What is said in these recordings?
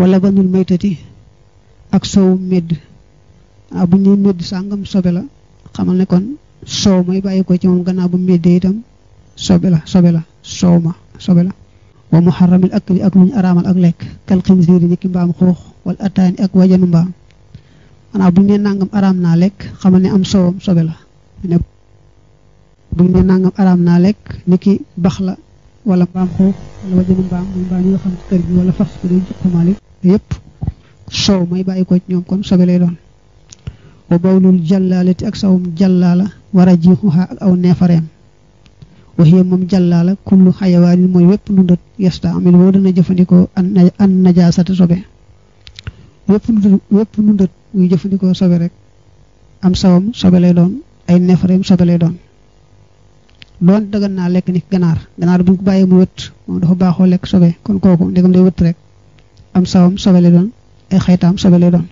wala banul maytati ak soow medd ah, bu ñuy medd la xamal ne kon soow may bàyyi ko ci moom gannaaw bu meddee itam sobe la sobe la soow ma sobe la wa muharramil akli ak lu araamal ak lekk kal xinsiiri ñi ki mbaam xuux wala ataani ak wajanu mbaam bu ñu nee nangam naa lekk xamal ne am soowam sobe la bu ñu nangam araam naa lekk ni ki bax la wala mbaam xuux wala wajanu mbaam muy mbaam yi xam kër gi wala fas ko day jox ko yépp soow may bàyyi ko ci ñoom kon sobe lay doon wa bawlul jàllaalati ak sawum jàllaala war a jiixuha ak aw neefareem wa hiya moom jàllaala kullu xayawaanin mooy wépp nundat yesta amil woo dana jëfandikoo an najaasata sobe wépp nundat wépp jëfandikoo sobe rek am sawam sobe lay doon ay neefareem sobe lay doon doon dagan naa lekk ni ganaar ganaar buñ ko bàyyee mu wët moom dafa baaxoo lekk sobe kon kooku ndegam day wët rek am sawam sobe la doon ay xaytaam sobe la doon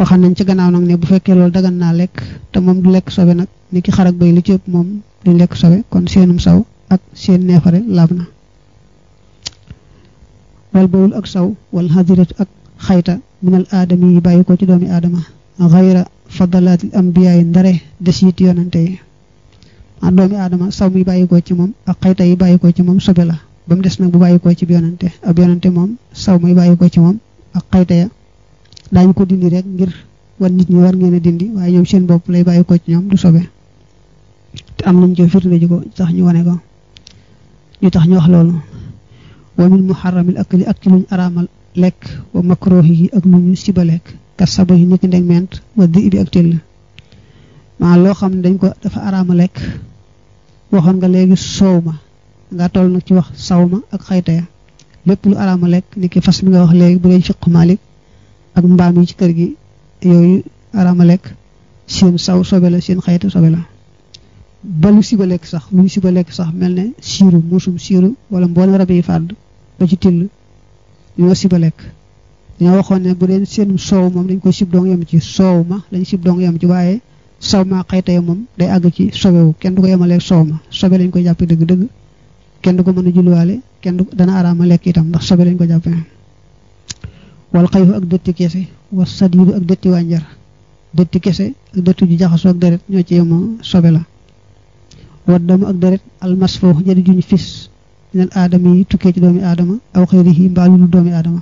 waxam nañ ci gannaaw nag ne bu fekkee loolu dagan naa lekk te moom du lekk sobe nag ni ki xarak bay li ci ëpp moom duñ lekk sobe kon seenum saw ak seen neefare laab na wal bawul ak saw wal hadiratu ak xayta minal aadami yi bàyyi ko ci doomi aadama xayra fadalaatil ambiyaayi ndare des yit yonante yi a doomi aadama saw mi bàyyi ko ci moom ak xayta yi bàyyi ko ci moom sobe la ba mu des nag bu bàyyi ko ci yonante ab yonante moom saw muy bàyyi ko ci moom ak xayta ya daañu ko dindi rek ngir wan nit ñi war ngeen a dindi waaye ñoom seen bopp lay bàyyi ko ci ñoom du sobe te am nañ ci firnde ji ko tax ñu wane ko ñu tax ñu wax loolu wa min muharramil akli ak ci luñ araamal lekk wa makruhi yi ak lu ñu siba lekk kas sabo yi niki ndeg ment wa di bi ak maa loo xam ne dañ ko dafa araama lekk waxoon nga léegi soow ma nga toll nag ci wax saw ma ak xayta ya lépp lu araama lekk ni ki fas bi nga wax léegi bu dee fiq malik ak mbaam yi ci kër gi yooyu araama lekk seen saw sobe la seen xayta sobe la ba lu siba lekk sax lu ñu lekk sax mel ne siiru muusum siiru wala mboolem rab yi fàdd ba ci till ñoo siba lekk dañoo waxoon ne bu dee seen soow moom dañ ko sib doong yem ci soow ma lañ sib doong yem ci waaye saw maa xaytee moom day àgg ci sobewu kenn du ko yemaleeg soow ma sobe lañ koy jàppe dëgg-dëgg kenn du ko mën a julwaale kenn du dana araama lekk itam ndax sobe lañ ko jàppe wal xayfu ak dëtti kese wa sadidu ak dëtti wànjar dëtti kese ak ju jaxasoo ak deret ñoo ci yemoo sobe la wa damu ak deret almasfo jadi juñ fis minal aadama yi tukkee ci doomi aadama aw xëyri yi mbaa lu doomi aadama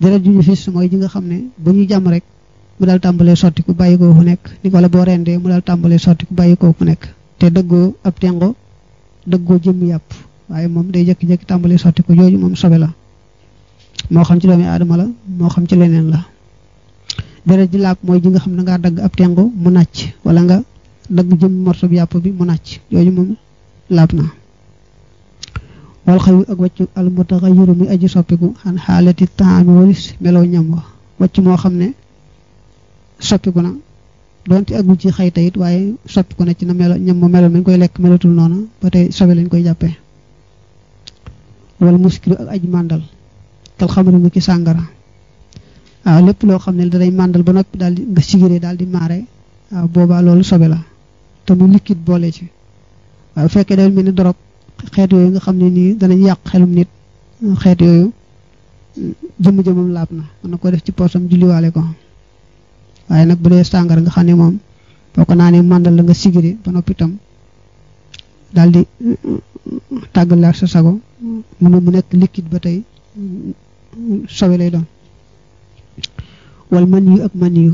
deret juñu fis mooy ji nga xam ne ba ñuy jàmm rek mu daal tàmbalee sotti ku nekk ni ko la boo rendee mu daal tàmbalee sotti ku bàyyi ko nekk te dëggoo ab tengo dëggoo jëmm yàpp waaye moom day jékki-jékki tàmbalee sotti ko jooju moom sobe la moo xam ci doomi adama la moo xam ci leneen la deret ji laab mooy ji nga xam ne ngaa dagg ab tengoo mu nàcc wala nga dagg jëm morso bi yàpp bi mu nàcc yooyu moom laab na wal xayu ak wàcc al mutaxayyiru muy aji soppiku xan xaalati taami walis meloo ñam moo xam ne soppiku na donte agul ci xayta it waaye soppiku na ci na melo ñam ma melo nañ koy lekk melatul noonu ba tey sobe lañ koy jàppee wala muskilu ak aj màndal kal xamari mu ki sàngara waaw lépp loo xam ne màndal ba noppi daal di daal di maare boobaa loolu sobe la te mu liquide boole ci waaye fekkee day mel ni xeet yooyu nga xam ne nii danañ yàq xelum nit xeet yooyu jëmm jëmmam laab na mën na ko def ci poosam julliwaale ko waaye nag bu dee sàngara nga xam ne moom boo ko naanee màndal la nga sigiri ba noppi itam daal di mm, mm, tàggal la sa sago mu nekk liquide ba tey sobe lay doon wal man yu ak man yu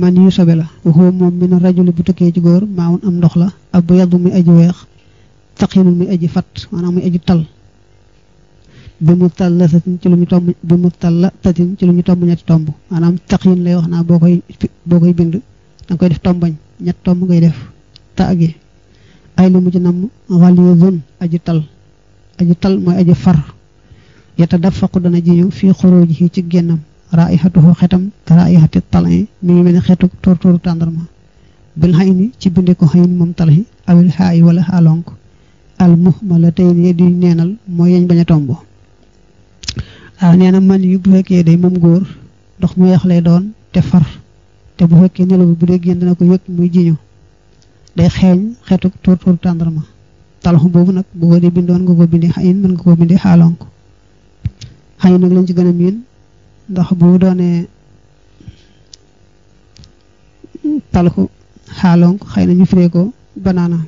man yu sobe la waxoo moom mi ne rajuli bu tukkee ci góor maawun am ndox la ab bu yàgg muy aji weex taqinul muy aji fat maanaam muy aji tal bi mu talla tatin ci lu ñu tomb bi mu talla tatin ci lu ñu tomb ñetti tomb maanaam taqyin lay wax naa boo koy boo koy bind danga koy def tombañ ñetti tomb ngay def ta gi ay lu mu ci namm ghalidun aji tal aji tal mooy aji far yata dafaqu dana jiñu fii xuruji ci génnam raihatuhu xetam ka raihati talin mi ngi mel ne xetu tóor tóoru tàndarma bil xay ni ci binde ko xayin moom talxi awil xaayi wala xaalonk al muhmala tey di neenal mooy yeñ bañ a tomb waaw nee na man yu bu fekkee day moom góor ndox mu weex lay doon te te bu fekkee nelaw bu dee génn ko yëg muy jiñu day xeeñ xeetu tuur tuur ma talxu boobu nag bu ko dee bindoon nga ko bindee mën nga ko bindee xaalonk xayin nag lañ ci gën a miin ndox bu doonee talxu xaalonk xëy na ñu firee ko banaana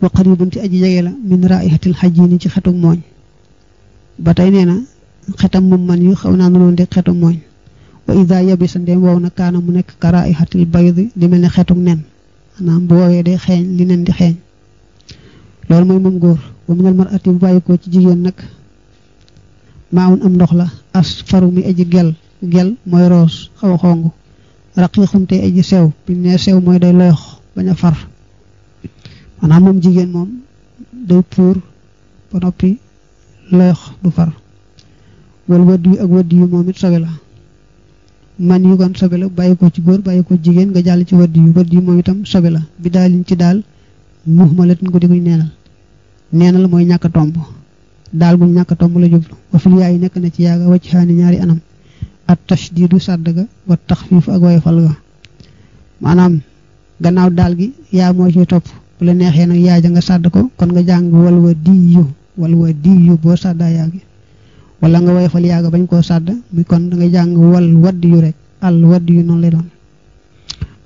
wa qaribun ci aji jege la min raihatil xajjini ci xetuk mooñ ba tey nee na xetam moom man yu xaw naa nu doon deg xetu mooñ wa ida yabi sa ndem wow na kaanam mu nekk karaa i xatil baydi di mel ne xetuk nen maanaam bu woowee day xeeñ li nen di xeeñ loolu mooy moom góor wa minal mar'ati bu bàyyi ko ci jigéen nag maawun am ndox la as faru mi aji gel gel mooy roos xaw a xong raqiixum te aji sew bi ne sew mooy day loyox bañ a far maanaam moom jigéen moom day puur ba noppi layox du far wal wadd wi ak wadd yu moom it sobe la man yu kon sobe la bàyyi ko ci góor bàyyi jigéen nga jàll ci wadd yu wadd yu moom itam sobe la bi daal daalin ci daal muhmalatin ko di guñ neenal neenal mooy ñàkk tomb daal guñ ñàkk tomb la jublu wa fil yaay nekk na ci yaaga wacc xaani ñaari anam at tashdiidu sàdd ga wa tax taxfiif ak woyofal ga maanaam gannaaw daal gi yaa moo ci topp bu la neexee nag yaa ja nga sàdd ko kon nga jàng wal wa diyu wala wa diyu boo sàddaa yaa gi wala nga woyofal yaaga bañ koo sàdd mi kon dangay jàng wal wadd yu rek al wadd yu noonu lay doon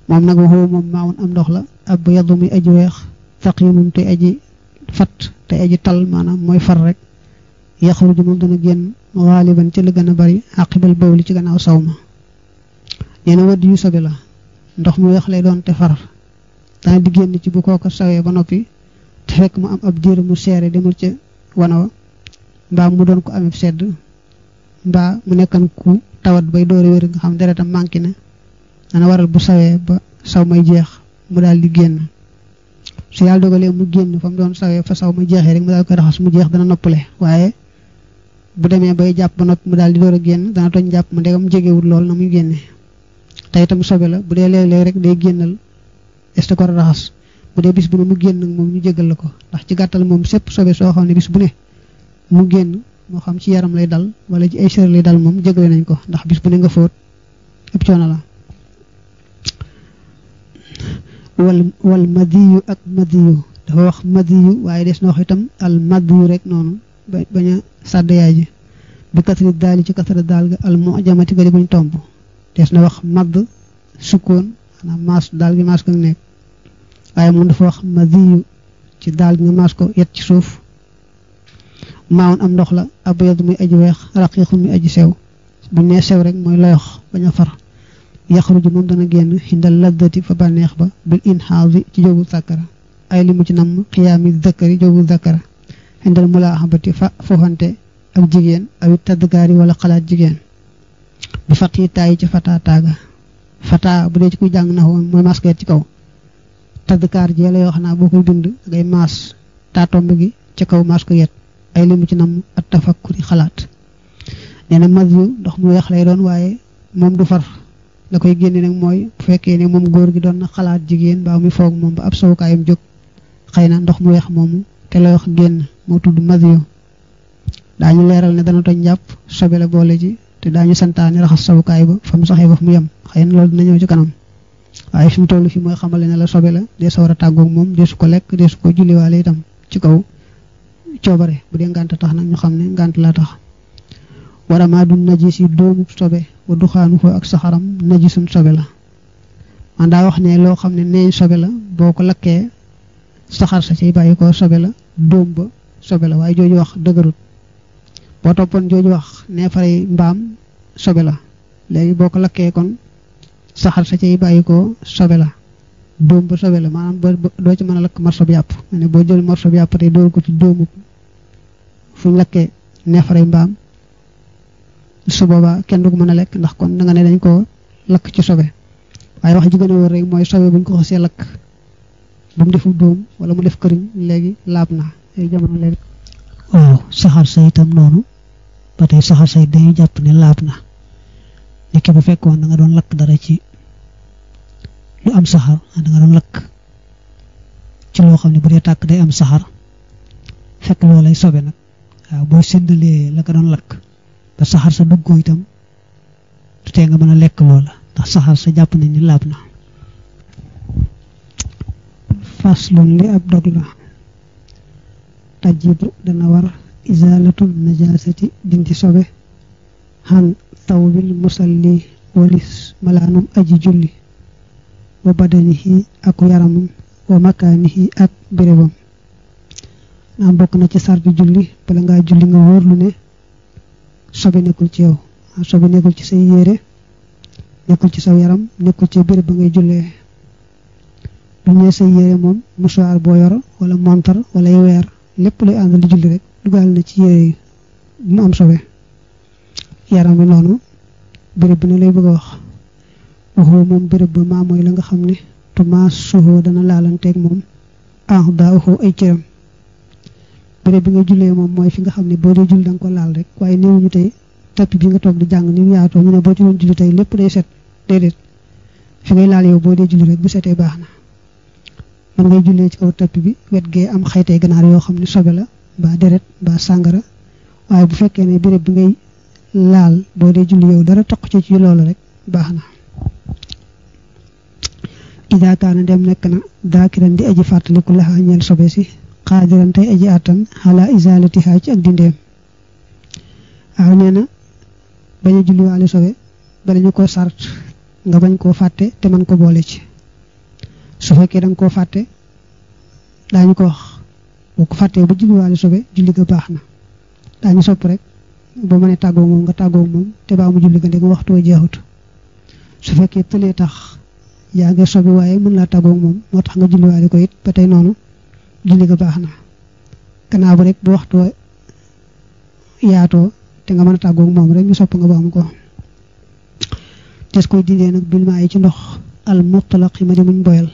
moom nag waxoo moom maawun am ndox la ab yadu muy aji weex taqinum te aji fat te aji tal maanaam mooy far rek yaxruju moom dana génn xaaliban ci la gën a bari aqibal bawli ci gannaaw saw ma nee na wadd yu sobe la ndox mu weex lay doon te far dana di génn ci bu kooko sawee ba noppi te fekk mu am ab diir mu wanoo mbaa mu doon ko amee sedd mbaa mu nekkan ku tawat bay doori wér nga xam deretam manqué na dana waral bu sawee ba saw may jeex mu daal di génn su yàlla dogalee mu génn fa mu doon sawee fa saw may jeexee rek mu daal koy raxas mu jeex dana noppale waaye bu demee bay jàpp ba noppi mu daal di door a génn dana tooñ jàpp ma ndegam jegewul lool na muy génne te itam sobe la bu dee léeg-léeg rek day génnal est raxas bu dee bis bu ne mu génn nag moom ñu jégal la ko ndax ci gàttal moom sépp sobe soo xam ne bis bu ne mu génn moo xam ci yaram lay dal wala ci ay sër dal moom jégale nañ ko ndax bis bu ne nga fóot ab coono la wal wal madiyu ak madiyu dafa wax madiyu waaye des na wax itam al madiyu rek noonu bañ a sàdd yaay ji bi katari daal yi ci katari daal ga al mujamati ga di buñ tomb des na wax madd sukkoon maanaam maas daal gi maas ko nekk waaye moom dafa wax madiyu ci daal nga maas ko yet ci suuf maawoon am ndox la abyad muy aji weex raqiqun muy aji sew bu nee sew rek mooy loyox bañ a far yaxruju moom dana génn xindal laddati fa bànneex ba bil inxaasi ci jógu sàkkara ay limu ci namm xiyaami zakkari jógu zakkara xindal mulaaxabati fa fooxante ak jigéen awi taddgaari wala xalaat jigéen bi fat yi taay ci fataa taaga fataa bu dee ci kuy jàng na woon mooy maskeet ci kaw taddkaar jee lay wax naa boo koy bind ngay maas taatomb gi ca kaw maas ko yet ay limu ci nam at tafakkuri xalaat nee na mas yu ndox mu weex lay doon waaye moom du far la koy génne nag mooy bu fekkee ne moom góor gi doon na xalaat jigéen mbaa muy foog moom ba ab sowukaayam jóg xëy na ndox mu weex moomu te lay wax génn moo tudd mas yu daañu leeral ne dana toj njàpp sobe la boole ji te ñu santaane raxas sowukaay ba fa mu saxee ba mu yem xëy na loolu dina ñëw ci waaye fi mu toll fi mooy xamal xamale ne la sobe la dee sa war a tàggoog moom dee su ko lekk dee su ko julliwaale itam ci kaw coobare bu dee ngànt tax nag ñu xam ne ngànt laa tax wara maa du najis yi doomu sobe wa duxaanu ko ak saxaram najisum sobe la man daa wax ne loo xam ne neeñ sobe la boo ko lakkee saxar sa ciy bàyyi ko sobe la dóom ba sobe la waaye jooju wax dëgërut boo toppoon jooju wax nee faray mbaam sobe la léegi boo ko lakkee kon saxar sa cay bàyyi ko sobe la doom ba sobe la maanaam doo ci mën a lakk morso bi yàpp ne boo jël morso bi yàpp tey dóor ko ci dóomu fu ñu lakkee neefare mbaam su boobaa kenn du ko mën a lekk ndax kon da ne dañ ko lakk ci sobe waaye wax ji gën rek mooy sobe buñ ko xasee lakk bu defu dóom wala mu def këriñ léegi laab na ay jamono léegi waaw oh, saxaar sa itam noonu ba tey saxaar say day jàpp ne laab na nekk bu fekkoon da nga doon lakk dara ci lu am saxaar da nga doon lakk ci loo xam ne bu dee tàkk day am saxaar fekk loo lay sobe nag waaw boo séndalee la nga doon lakk ba saxaar sa dugg ko itam du nga mën a lekk loola ndax saxaar sa jàpp nañ ni laab na faslun li ab dog la tajibu dana war izalatu najasati dindi sobe xan tawbil musalli walis malaanum aji julli wa badanihi ak yaramam wa makaanihi ak bérébam naam bokk na ci sardi julli bala ngaa julli nga wóorlu ne sobe nekkul ci yow sobe nekkul ci say yére nekkul ci saw yaram nekkul ci béréb ba ngay jullee bu ñëwee say yére moom mouchoir boo yor wala montar wala weer lépp lay àndal di julli rek dugal na ci yére yi mu am sobe yaram bi noonu béréb bi ne lay bëgg a wax waxoo moom béréb ba maa mooy la nga xam ne tuma soxoo dana laalanteeg moom ah daa waxoo ay cëram béréb bi nga jullee moom mooy fi nga xam ne boo dee jul da nga ko laal rek waaye néew ñu tey tappi bi nga toog di jàng ni yaatoo ñu ne boo ci doon tey lépp day set déedéet fi ngay laal yow boo dee julli rek bu setee baax na man ngay jullee ci kaw tappi bi wet gee am xaytee ganaar yoo xam ne sobe la mbaa deret mbaa sàngara waaye bu fekkee ne bërëb bi ngay laal boo dee julli yow dara toq ci ci loolu rek baax na ida kaana dem nekk na daakiran di aji fàttaliku laxaa ñeel sobe si xaadiran tey aji àttan xalaa isaalatihaa ci ak dindeem waaw nee na bañ a julliwaale sobe bala ñu ko sart nga bañ koo fàtte te mën ko boole ci su fekkee danga koo fàtte daañu ko wax boo ko fàttee ba julliwaale sobe julli ga baax na daañu sopp rek boo mënee tàggoo moom nga tàggoo te baa mu julli ga ndeg waxtu jeexut su fekkee tëlee tax yaa nga sobe waaye mën laa tàggoog moom moo tax nga julliwaale ko it ba tey noonu julli ko baax na gannaaw ba rek bu waxtu yaatoo te nga mën a tàggoog moom rek ñu sopp nga ba am ko des koy dindee nag bil maa yi ci ndox al mutlaq yi ma di muñ boyal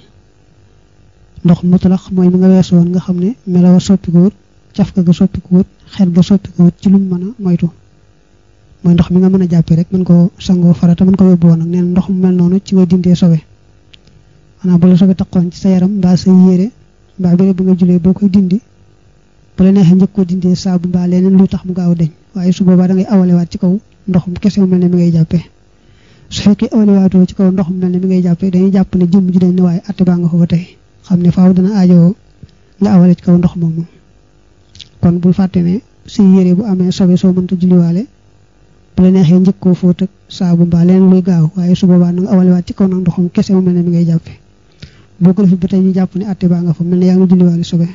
ndox mutlaq mooy mi nga wees woon nga xam ne melawa soppikuwut cafka ga soppikuwut xet ga soppikuwut ci lu mu mën a moytu mooy ndox mi nga mën a jàppee rek mën koo sangoo farata mën ko yóbbu woon nag neen ndox mu mel noonu ci ngay dindee sobe maanaam bu la soobee taqoon sa yaram mbaa sa yére mbaa béréb bi boo koy dindi bu la neexee koo dindee saabu mbaa leneen luy tax mu gaaw deñ waaye su boobaa da ngay awalewaat ci kaw ndox mu mel ne mi ngay jàppee su fekkee awalewaatoo ci kaw ndox mu mel ne mi ngay jàppee dañuy jàpp ne jëmm ji dañ ne waaye atte baa nga ko ba xam ne faaw dana aajowoo nga awale ci kaw ndox moomu kon bul fàtte ne si yére bu amee sobe soo mënta julliwaale bu la neexee njëkk koo fóot ak saabu mbaa leneen luy gaaw waaye su boobaa na nga awalewaat ci kaw nag ndoxum kese mu mel ne mi ngay jàppee bokkul fi ba tey ñu jàpp ne atte baa nga fa mel ne yaa ngi julliwaale sobe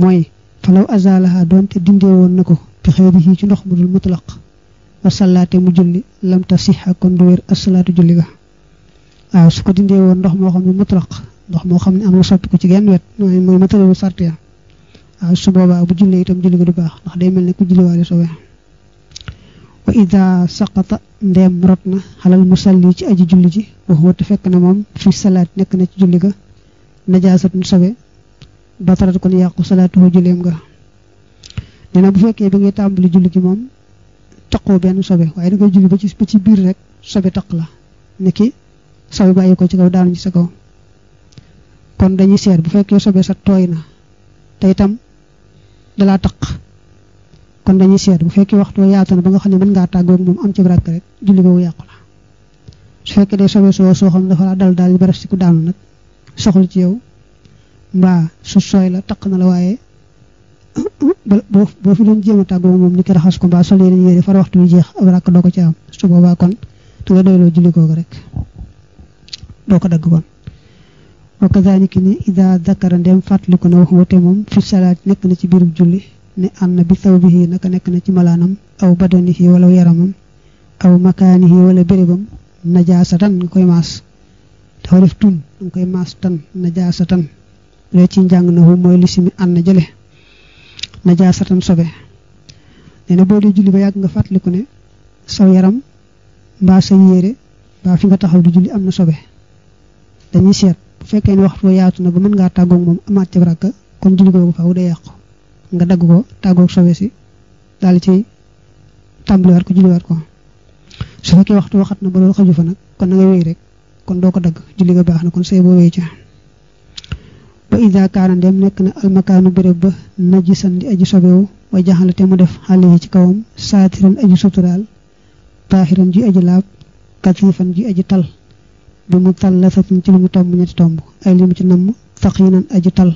mooy falaw azalaha doonte dindee woon na ko bi xëy bi ci ndox mu dul mutlaq wa salaate mu julli lam si sixa kon du wér asalaatu julli ga waaw su ko dindee woon ndox moo xam ne mutlaq ndox moo xam ne am na soppi ko ci genn wet mooy mooy matalalu sart ya waaw su boobaa bu jullee tam julli ga du baax ndax day mel ne ku julliwaale sobe fa ida saqata ndeem rot na xalal musalli ci aji julli ji waxuma te fekk na moom fi salaat nekk na ci julli ga najaasatun sobe batarat kon yàqu salaatuhu julleem nga nee na bu fekkee bi ngay tàmbali julli ji moom taqoo benn sobe waaye da ngay julli ba ci ba ci biir rek sobe taq la niki sobe bàyyi ko ci kaw daanu ci sa kaw kon dañuy seet bu fekkee sobe sa tooy na te itam dalaa taq kon dañuy seet bu fekkee waxtu yaatu na ba nga xam ne mën ngaa tàggoog moom am ci rakk rek julli boobu yàqu la su fekkee day sobe soo soo xam dafa laa dal daal baras ci ku daanu nag soxla ci yow mbaa su sooy la taq na la waaye boo boo fi doon jéem a tàggoog moom ni ki raxas ko mbaa sol yeneen yére far waxtu wi jeex ab rakk doo ko ci am su boobaa kon da nga doyloo julli googu rek doo ko dagg kon wa kazaalika ni ida zakara ndem fàttaliku na wax wate moom salaat nekk na ci biirum julli ne am na bi saw bi naka nekk na ci malaanam aw badanihi wala yaramam aw makaanihi wala bérébam najaasatan nga koy maas dafa def tun nga koy maas tan najaasatan loo ci njàng na hu mooy lisimi ànd jële najaasatan sobe nee na boo dee julli ba yàgg nga fàttaliku ne saw yaram mbaa sa yére mbaa fi nga taxaw di julli am na sobe dañuy seet bu fekkee ne waxtu yaatu na ba mën ngaa tàggoog moom amaat ca baraka kon julli googu faaw day yàqu nga dagg ko tàggoog sobe si daal ci ciy ko julliwaat ko su fekkee waxtu waxat na ba loolu xaju fa nag kon na nga wéy rek kon doo ko dagg julli nga baax na kon say boo wéy ca ba ida na ndem nekk na almakaanu béréb ba najisan di aji sobewu wa jaxale te mu def xale ci kawam saatiran aji suturaal taaxiran ji aji laab katifan ji aji tal bi mu tal la fatin ci li mu tomb ñetti tomb ay li mu ci namm faqinan aji tal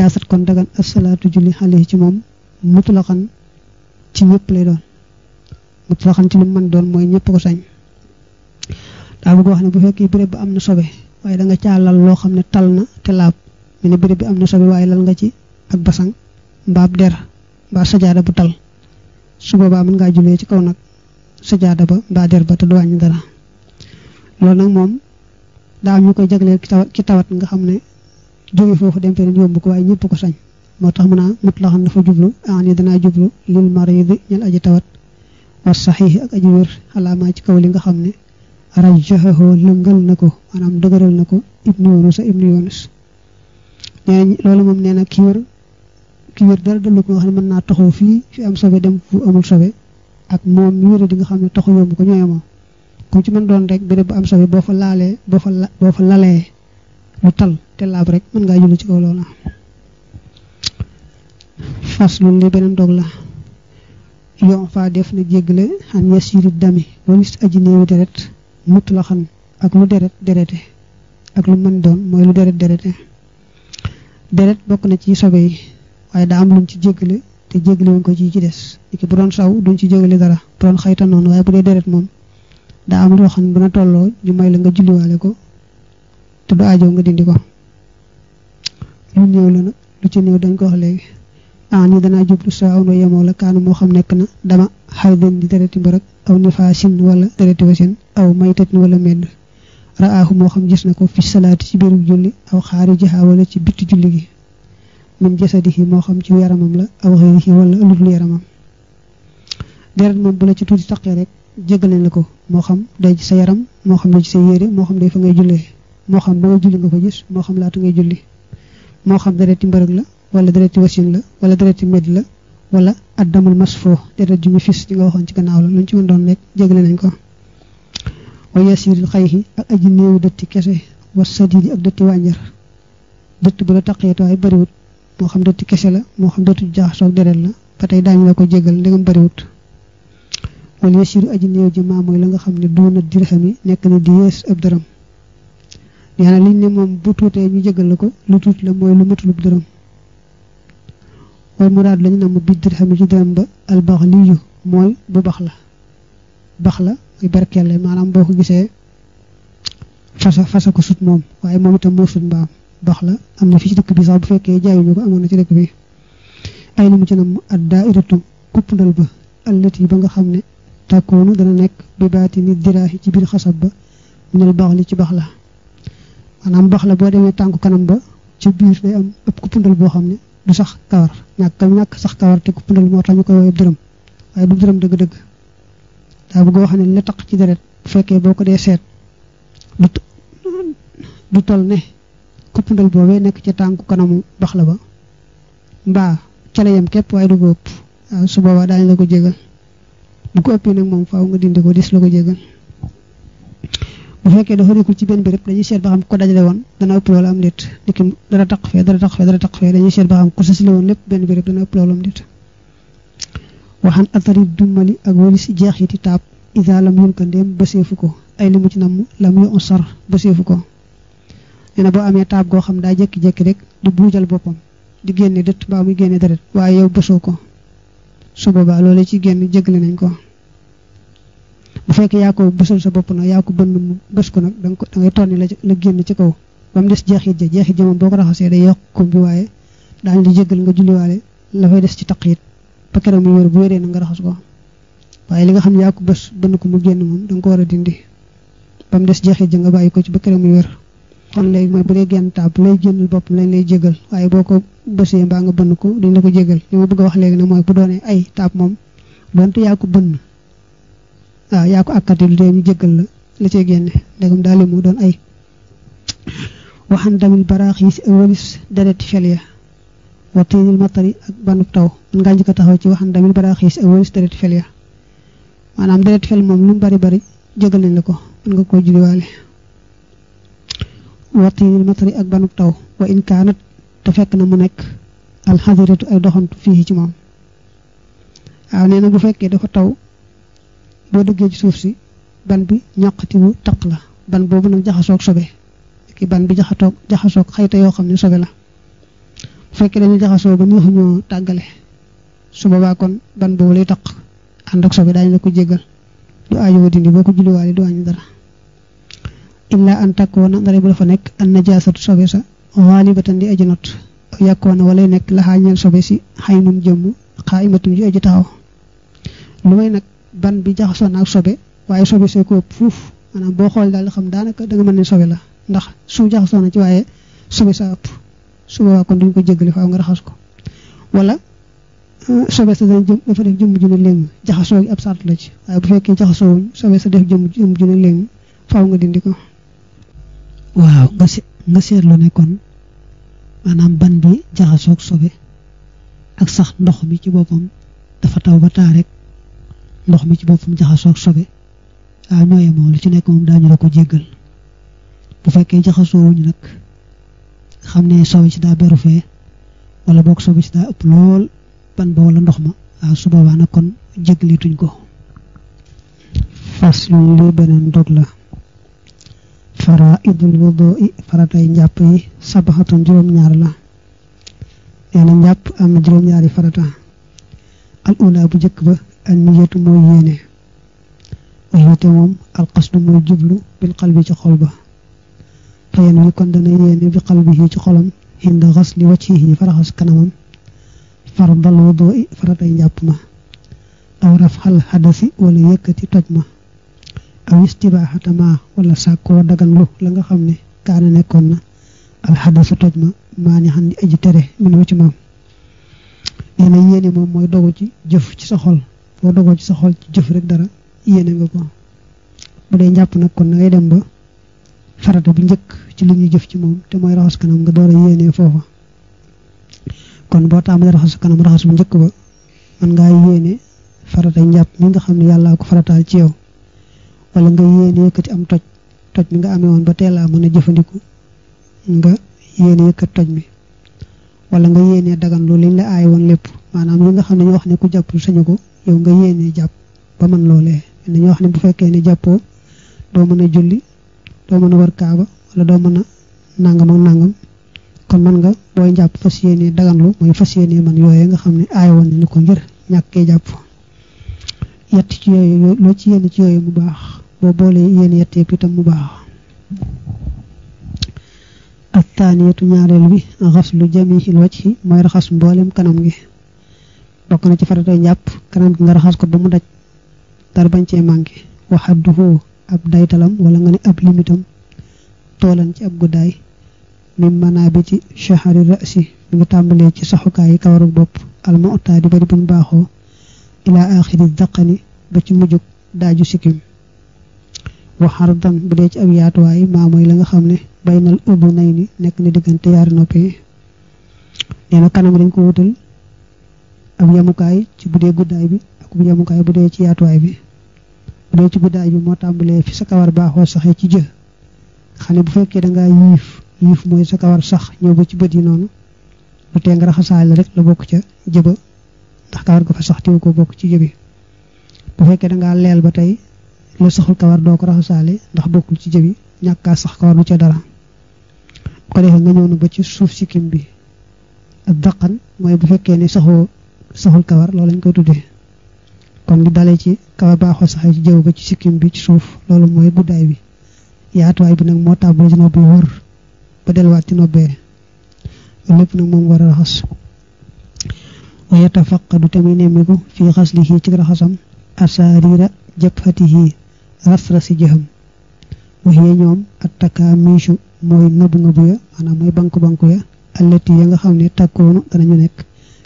jaasat kon dagan asalaatu julli xale ci moom mutlaxan ci ñëpp lay doon mutlaxan ci li man doon mooy ñëpp ko sañ daa bëgg wax ne bu fekkee béréb bi am na sobe waaye danga nga caa lal loo xam ne tal na te laab mu ne béréb bi am na sobe waaye lal nga ci ak basang mbaab der mbaa sajaada bu tal su boobaa mën ngaa jullee ci kaw nag sajaada ba mbaa der ba te du wàññi dara loolu nag moom daa am ñu koy jagleel ki tawat nga xam ne jóge foofu dem feneen yomb ko waaye ñëpp ko sañ moo tax mu naa mut la xam dafa jublu ani ah, danaa jublu lil maridi ñel aji tawat war saxiix ak aji wér xalaamaa ci kaw li nga xam ne rajaxahu lëngal na ko maanaam dëgëral na ko a ibnu yunus nee loolu nee na ki wér ki wér ko nga xam ne mën naa taxaw fii am sobe dem fu amul ak moom wér di nga xam ne taxu yomb ko ñooy moom ku doon rek béréb bu am sobe boo fa laalee boo fa boo fa lalee mu tal te laab rek mën ngaa julli ci kaw loola fas lu li beneen dog la yoon faa def na jéggale xam yasiiri dami walis aji néewi deret mut la xam ak lu deret derete ak lu mën doon mooy lu deret derete deret bokk na ci sobe yi waaye daa am luñ ci jéggale te jéggale wuñ ko ci ci des niki bu doon saw duñ ci jéggale dara bu doon xayta noonu waaye bu dee deret moom daa am loo xam ne bu na tolloo ñu may la nga julliwaale ko te du ajoo nga dindi ko lu néew la nag lu ci néew dañ ko wax léegi ah ni danaa jublu saa aw na yemoo la kaanu moo xam nekk na dama xay den di dereti mbarak aw nifaasin wala dereti wasin aw maytatin wala medd raahu moo xam gis na ko fi salaati ci biiru julli aw xaarijihaa wala ci bitti julli gi min jasadihi moo xam ci yaramam la aw xëyrihi wala lu dul yaramam moom bu la ci tuuti taqee rek jéggal nañ la ko moo xam day ci sa yaram moo xam day ci sa yére moo xam day fa ngay jullee moo xam ba nga julli nga ko gis moo xam laata ngay julli moo xam dereti mbërëg la wala dereti wasin la wala dereti med la wala addamul masfo deret ju ñu fis di nga waxoon ci gannaaw la lu ñu ci mën doon nekk jégle nañ ko wa yasiril xayxi ak aji néewu dëtti kese wa sadidi ak dëtti wàññar dëtt la taqeet waaye bariwut moo xam dëtti kese la moo xam dëttu jaaxasoog deret la ba tey daañu ko jégal ndegam bariwut wala yasiru aji néew ji maa mooy la nga xam ne duuna dirham yi nekk na di yees ab dërëm nee na liñ ne moom bu tuutee ñu jëgal la ko lu tuuti la mooy lu matulub dërëm wal muraad lañu namm bi dirham ci dërëm ba al baxliyu mooy bu bax la bax la muy barkelle maanaam boo ko gisee fasa fasa ko sut moom waaye moom itam moo sut mbaam bax la am na fi ci dëkk bi sax bu fekkee jaayuñu ko amoon na ci dëkk bi ay li mu ci namm ad daairatu kuppandal ba allati ba nga xam ne tàkkoonu dana nekk bi baati nit diraahi ci biir xasab ba minal baxli ci bax la maanaam mbax la boo demee tànku kanam ba ci biir day am ëpp ku pundal boo xam ne du sax kawar ñàkk ñàkk sax kawar te ku pundal moo tax ñu koy woowee dërëm du dërëm dëgg-dëgg daa bëgg wax ne li tax ci deret bu fekkee boo ko dee seet du du tol ne ku pundal boobee nekk ci tànku kanamu mbax la ba mbaa ca la yem képp waaye du ko ëpp waaw su boobaa daañu la ko jégal bu ko ëppee nag moom faw nga dindi ko dis la ko jégal bu fekkee dafa nekkul ci benn béréb dañuy seet ba xam ko dajale woon dana ëpp loolu am déet dikki dara taq fee dara taq fee dara taq fee dañuy seet ba xam ku sasile woon lépp benn béréb dana ëpp loolu am déet waxaan atari dummali ak walis jeexiti taab isa lam yun ko ndéem baseefu ko ay li mu ci namm lam yu sar baseefu ko nee na boo amee taab goo xam daa jékki-jékki rek di buujal boppam di génne dët mbaa muy génne deret waaye yow bësoo ko su boobaa loolu ci génn jégle nañ ko bu fekkee yaa ko bësal sa bopp nag yaa ko bënn mu bës ko nag da nga ko da la la génn ci kaw ba mu des jeexit ja jeexit ja moom boo ko raxasee day yokk bi waaye daañu la jéggal nga julliwaale la fay des ci taq it ba keroog mu wér bu wéree na nga raxas ko waaye li nga xam yaa ko bës bënn ko mu génn moom da nga ko war a dindi ba des jeexit ja bàyyi ko ci ba keroog mu wér kon léegi mooy bu dee génn tàbb lay génnul boppam lañ lay jégal waaye boo ko bësee mbaa nga bënn ko dañ la ko jégal li ma bëgg a wax léegi nag mooy bu doonee ay tàbb moom donte yaa ko bënn waaw yaa ko àkkatil dee ñu jéggal la la cay génne ndegam daale mu doon ay waxan damil baraax yi si ëwalis dereti fel ya watinil matari ak banub taw mën ngaa njëkk a taxaw ci waxan damil baraax yi si ëwalis dereti fel ya maanaam dereti fel moom lu mu bari bari jéggal nañ la ko mën nga koo julliwaale watinil matari ak banub taw wa in te fekk na mu nekk alxadiratu ay doxantu fii ci moom waaw nee na bu fekkee dafa taw boo duggee ci suuf si ban bi ñaqati wu taq la ban boobu nag jaxasoog sobe ki ban bi jaxatoog jaxasoog xayta yoo xam ne sobe la bu fekkee dañu jaxasoo ba ñoo tàggale su boobaa kon ban boobu lay taq ànd ak sobe daañu la ko jéggal du aajowoo dindi boo ko julliwaale du wàññi dara illaa an takkoona ndare bu la fa nekk an najaasatu sobe sa xaalibatan di aji not yàkkoona walay nekk laxaa ñeel sobe si xay nun jëmm xaa imatum ji aji taxaw ban bi jaxasoo ak sobe waaye sobe see ko fuuf maanaam boo xool daal xam daanaka da nga mën ne sobe la ndax suuf jaxasoo na ci waaye sobe sa ëpp su kon duñ ko jéggale faaw nga raxas ko wala ah, sobe sa dañ jëm dafa ne léegi jaxasoo gi ab sart la ci bu fekkee jaxasoo wuñ sa def jëmm jëmm ju ne léegi faaw nga dindi ko. waaw nga se nga seetlu ne kon maanaam ban bi jaxasook sobe ak sax ndox mi ci boppam dafa taw ba taa rek ndox mi ci boppam jaxasoo ak sobe ah ñooye moom lu ci nekk moom daañu la ko jéggal bu fekkee jaxasoo wuñu nag xam ne sobe ci daa beru fee wala boog sobe ci daa ëpp lool ban ba wala ndox ma ah su boobaa nag kon jéglituñ ko fas lu li beneen dog la fara idul wudu i faratay njàpp yi sabaxatun juróom-ñaar la nee na njàpp am na juróom-ñaari farata al ula bu jëkk ba an niyatu mooy yéene waxyate moom alqasdu mooy jublu bil qalbi ci xol ba fayen wi kon dana yéene bi qalbihi ci xolam inda xasli wajhihi faraxas kanamam fardal ma aw rafxal xadasi wala yëkkati toj ma aw istibaaxatamaa wala sàkkoo dagan lu la nga xam ne kaana nekkoon na alxadasu toj ma maa ni xam ni aji tere min wu ci moom moom mooy dogu ci jëf ci sa xol boo dogoo ci sa xol ci jëf rek dara yéene nga ko bu dee njàpp nag kon na ngay dem ba farata bu njëkk ci li ñuy jëf ci moom te mooy raxas kanam nga door a yéene foofa kon boo tàmbalee raxas kanam raxas bu njëkk ba mën ngaa yéene farata njàpp mi nga xam ne yàllaa ko farataal ci yow wala nga yéene yëkkati am toj toj mi nga amee woon ba teelaa mën a jëfandiku nga yéene yëkkat toj mi wala nga yéene dagan loolu liñ la aay woon lépp maanaam li nga xam ne ñu wax ne ku jàpp sañu ko yow nga yéene jàpp ba mën loolee dañuy wax ne bu fekkee ne jàppoo doo mën a julli doo mën a war kaaba wala doo mën a nangam ak nangam kon man nga booy jàpp fas yéene daganlu mooy fas yéene man yooye nga xam ne aay woon ko njër ñàkkee jàpp yett ci yooyu loo ci yéene ci yooyu mu baax boo boolee yéen yett yëpp itam mu baax ak taaniyatu ñaareel bi xaslu jamihil ci mooy raxas mbooleem kanam ngi bokk na ci faratay njàpp kanam gi nga raxas ko ba mu daj dara bañ cee manqué waxadduhu ab daytalam wala nga ne ab limitam toolan ci ab guddaay mi manaa bi ci chahari rasi mi ngi tàmbalee ci saxukaay yi kawaru bopp almota di bari buñ baaxoo ilaa axiri daqani ba ci mujjug daaju sikkim waxardan bu dee ci ab yaatuwaay maa la nga xam ne baynal ubu nay ni nekk ne diggante yaari noppee nee na kanam dañ ko am yemukaay ci bu dee guddaay bi ak bu yemukaay bu dee ci yaatuwaay bi bu dee ci guddaay bi moo tàmbalee fi sa kawar baaxoo saxee ci jë xam ne bu fekkee dangaa ngaa yiif yiif mooy sa kawar sax ñëw ba ci bët yi noonu lu tee nga raxasaale rek la bokk ca jëba ndax kawar ga fa sax teewu ko bokk ci jëbi bu fekkee da ngaa leel ba tey la saxul kawar doo ko raxasaale ndax bokkul ci jë jëbi ñàkkaa sax kawar lu ca dara bu ko defee nga ñëw na ba ci suuf sikkim bi ak saxul kawar loolu lañ ko tuddee comme dalee ci kawar baaxoo saxee ci jaww ba ci sikkim bi ci suuf loolu mooy guddaay bi yaatuwaay bi nag moo tàmbali ci nopp yi wër ba delluwaat ci nobbee lépp nag moom war a raxas faq du tamit nemmiku fii xaslihi ci raxasam asaarira jabhatihi rasrasi jëxam waxee ñoom ak takkaa miisu mooy nëbu nëbu ya maanaam mooy banku banku ya allati ya nga xam ne a ñu nekk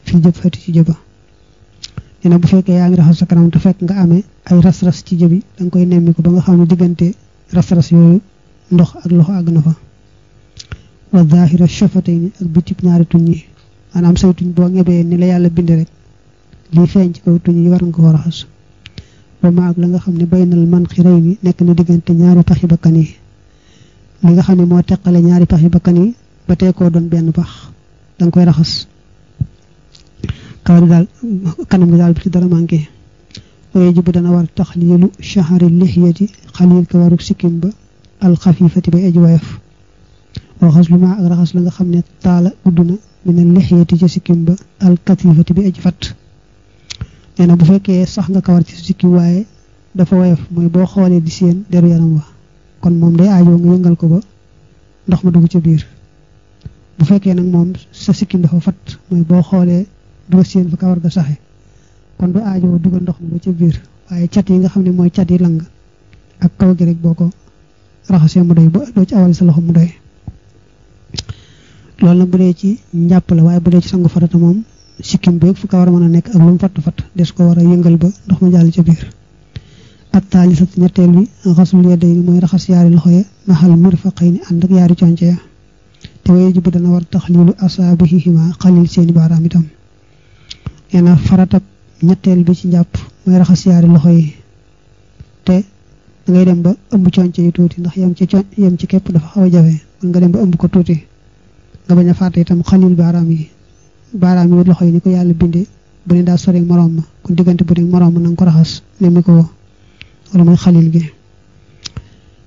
fil jabhati ci jëba nee na bu fekkee yaa ngi raxas sa kanam te fekk nga amee ay ras-ras ci jëbi da nga koy nemmi ba nga xam ne diggante ras-ras yooyu ndox ak loxo àgg na fa wa zahira shafatayni ak bitik ñaari tuñ yi maanaam say tuñ boo ñebee ni la yàlla binde rek lii feeñ ci kaw tuñ yi war nga ko raxas ba ma ak la nga xam ne man baynal manxirayni nekk na diggante ñaari paxi bakkan yi li nga xam ne moo teqale ñaari paxi bakkan yi ba tey koo doon benn pax da koy raxas xaw daal kanam gi daal bi ci dara manqué waaye jibu dana war taxliilu shahari lixyati xaliil ka waruk sikkim ba alxafifati bay aji woyof waxas lu ma ak raxas la nga xam ne taala gudd na mina lixyati ca sikkim ba alkatifati bi aji fat nee bu fekkee sax nga kawar ci sikkim waaye dafa woyof mooy boo xoolee di seen deru yaram wa kon moom day aajoo nga yëngal ko ba ndox ma dugg ca biir bu fekkee nag moom sa sikkim dafa fat mooy boo xoolee doo séen fa kawar ga saxe kon du aajoo dugal ndox mi ba ca biir waaye cat yi nga xam ne mooy cat yi lang ak kaw gi boo ko raxasee mu doy ba doo ci awal sa loxo mu doy loolu nag bu dee ci njàpp la waaye bu dee ci sangu farata moom sikkim beeg fu kawar mën a nekk ak lu mu fatt fatt des ko war a yëngal ba ndox mu jàll ca biir ak taalisat ñetteel bi xasul yedday ni mooy raxas yaari loxo ya maxal xëy ni ànd ak yaari conce ya te waye ji bu dana war taxliilu asaabihihimaa xalil seeni baaraam itam nee na faratab ñetteel bi ci njàpp mooy raxas yaari loxo yi te dangay dem ba ëmb conc yi tuuti ndax yem ci conc yem ci képp dafa xaw a jafe mën nga dem ba ëmb ko tuuti nga bañ a fàtte itam xalil baaraam yi baaraam yi loxo yi ni ko yàlla bindee bu ne daa sori moroom ma kon diggante bu nekk moroom ma na ko raxas ne mi ko wala mooy xalil gi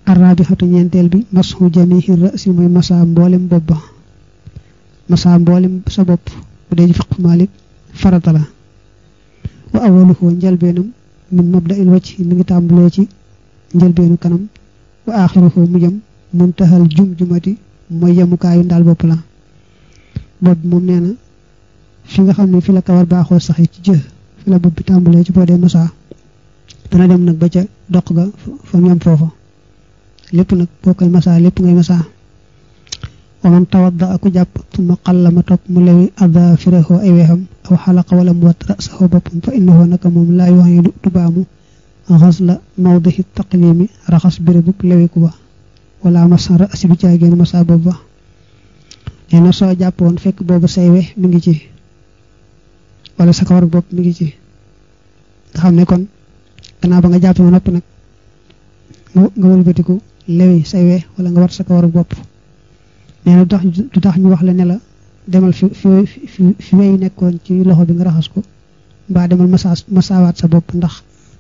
arrabixatu ñeenteel bi masxu jamihi rasi mooy masa mboolem bopp ba masa mboolem sa bopp bu dee ci fiq Malik farata la wa awaluhu njëlbeenam min mabda il wacc mi ngi tàmbalee ci njëlbeenu kanam wa aaxiruhu mu jëm muntahal jum jumati mooy yemukaayu ndaal bopp la bopp moom nee fi nga xam ne fi la kawar baaxoo saxi ci jë fi la bopp bi ci boo dee mosaa dana dem nag ba ca doq ga fa mu yem lépp nag boo koy masaa lépp ngay masaa waman tawadda aku jàpp tuma xalla ma topp mu lewi adafirahu ay weexam aw xalaqa wala mu wat rasahu boppam fa innahu naka moom laa yu'idu du baamu xas la mawdihi taqlimi raxas bérébub lewiku ba wala masan rasi du caageen masa bopp ba nee na soo jàppoon fekk boobu say we mi ngi ci wala sa kawar bopp mi ngi ci xam ne kon gannaaw ba nga jàppee ba nag nga wëlbatiku lewi say wala nga wat sa kawar bopp nee du tax ñu wax la ne la demal fi fi fi wey nekkoon ci loxo bi nga raxas ko mbaa demal masa masaawaat sa bopp ndax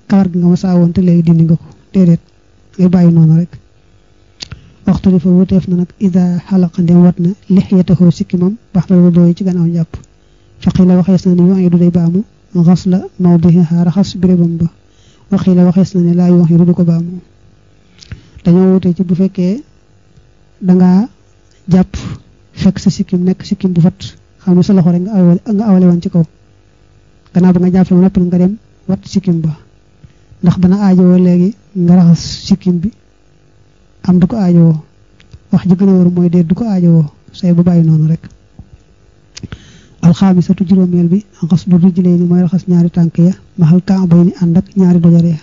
kawar gi nga masaawoon te léegi dindi nga ko déedéet ngay bàyyi noonu rek waxtu bi fa wuteef na nag ida xalaqa ndem wat na lixyatahu sikkimam baxtal wudooy ci gannaaw njàpp faqi la waxees na ne yoon yi du day baamu xas la mawdiha raxas birébam ba waxi la waxees na ne laa yoon yi du ko baamu dañoo wutee ci bu fekkee dangaa jàpp fekk sa sikkim nekk sikkim bu fat xam ne sa loxo rek nga awale nga awale woon ci kaw gannaaw ba nga jàpp sama noppi nga dem wat sikkim ba ndax dana aajowoo léegi nga raxas sikkim bi am du ko aajowoo wax ji gën a mooy dee du ko aajowoo say bu bàyyi noonu rek alxaamisatu juróomeel bi xas bu rijlee ni mooy raxas ñaari tànk ya maxal kan boy ni ànd ak ñaari dojare ya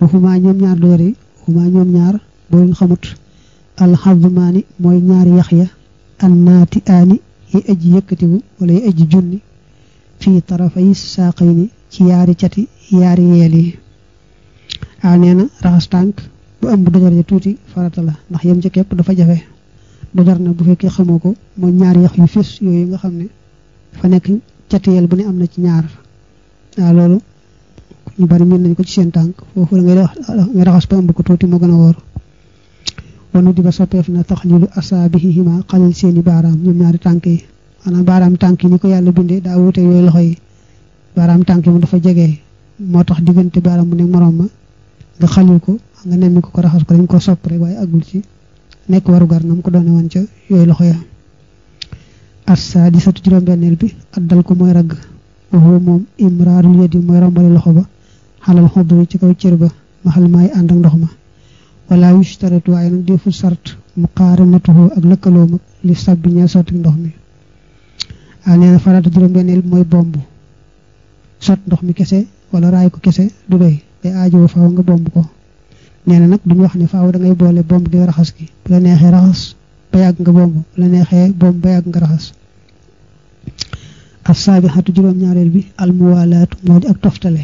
waxumaa ñoom ñaar dojare yi waxumaa ñoom ñaar xamut alxazumaani mooy ñaari yax ya annaati aani yi aji yëkkatiwu wala yi aji junni fii tarafay saaqay ni ci yaari cati yaari yeel yi a nee na raxas tànk bu ëmb dojar ja tuuti farata la ndax yem ca képp dafa jafe dojar na bu fekkee xamoo ko mooy ñaari yax yu fés yooyu nga xam ne fa nekk cati yeel bu ne am na ci ñaar waaw loolu ñu bari miin nañ ko ci seen tànk foofu la ngay raxas ba ëmb ko tuuti moo gën a wor wanu di ba soppeef na taxlilu asaabihihima xalal seeni baaraam ñoom ñaari tànk yi maanaam baaraam tànk yi ni ko yàlla bindee daa wute yooyu loxo yi baaraam tànk yi mu dafa jege moo tax diggante baaraam bu nekk moroom ma nga xalil ko nga nemmi ko ko raxas ko dañ ko sopp rek waaye agul ci nekk warugar na mu ko doon woon ca yooyu loxo ya assa di satu juróom-benneel bi addal ko mooy ragg waxu moom imraarul yadi mooy rombale loxo ba xalal xodd ci kaw cër ba maxal maay ànd ak ndox ma wala yushtarat waaye nag defu sart mu xaaranatuhu ak lëkkaloo mag li sabbi ñeel sotti ndox mi a ah, nee na farata mooy bomb ndox mi kese wala raay ko kese du doy day aajoo nga bomb ko nee na nag duñu wax ne faaw da ngay boole bomb gi raxas gi bu la neexee raxas ba yàgg nga bomb bu la neexee bomb ba yàgg nga raxas as saabixatu juróom-ñaareel bi almuwaalaatu moo di ak toftale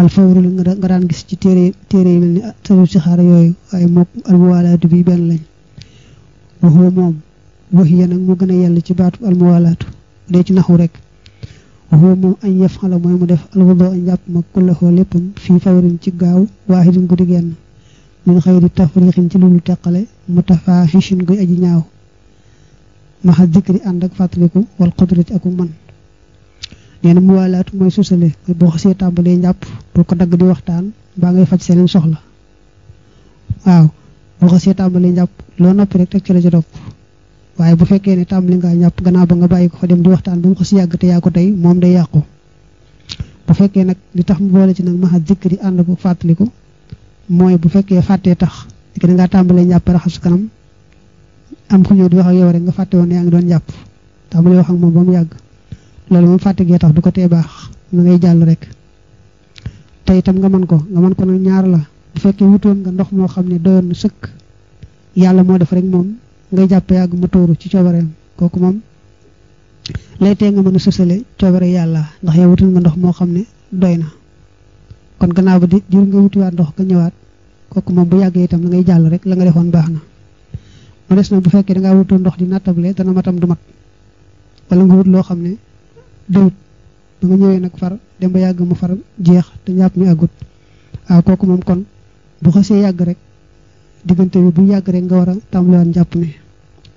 alfawru li nga daan gis ci téere téere yi mel ni saru sixaara yooyu waaye mook almuwaalaatu bi benn lañ waxoo moom waxiya nag mu gën a yell ci baatu almuwaalaatu dee ci naxu rek waxoo moom añ yaf xala mooy mu def alwudo añ jàpp ma kullaxoo léppam fii fawrin ci gaaw waaxidin guddi genn min xëy di tafrixin ci lulu teqale mu tafaaxishin guy aji ñaaw maxa dikri ànd ak fàttaliku wal xudrati aku man neen nee na mu waalaatu mooy suusale boo xasee tàmbalee njàpp boo ko dagg di waxtaan mbaa ngay faj seen soxla waaw boo xasee tàmbalee njàpp loo noppi rek teg ci la ci waaye bu fekkee ne tàmbali ngaa njàpp gannaaw ba nga bàyyi ko fa dem di waxtaan ba mu ko si yàgg te yaa ko tey moom day yàqu bu fekkee nag li tax mu boole ci nag maxa zikri ànd ko fàttaliku mooy bu fekkee fàttee tax di da ngaa tàmbalee njàpp raxas kanam am ku ñëw di wax ak yow rek nga fàtte woon yaa ngi doon njàpp tàmbalee wax ak moom ba mu yàgg loolu moom fàtte gee tax du ko tee baax na ngay jàll rek te itam nga mën ko nga mën ko nag ñaar la bu fekkee wutoon nga ndox moo xam ne doyoon sëkk yàlla moo def rek moom ngay jàppe yàgg ma tóoru ci coobareem kooku moom lay nga mën a sësale yàlla ndax yow wutul ndox moo xam ne doy na kon gannaaw ba di jur nga wutiwaat ndox nga ñëwaat kooku moom bu yàggee itam la ngay jàll rek la nga defoon baax na mu des na bu fekkee dangaa wutoon ndox di nattable dana matam du mat wala nga wut loo xam ne duut ba nga ñëwee nag far dem ba yàgg mu far jeex te njàpp mi àggut waaw ah, kooku moom kon bu xasee yàgg rek diggante bi bu yàgg rek nga war a tàmbaliwaat njàpp mi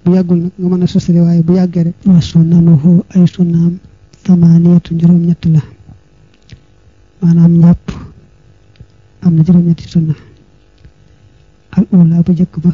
bu yàggul nag nga mën a sosale waaye bu yàggee rek wa sunanuhu ay sunaam samaaniyatu juróom-ñett la maanaam njàpp na juróom-ñetti sunna al ula bu jëkk ba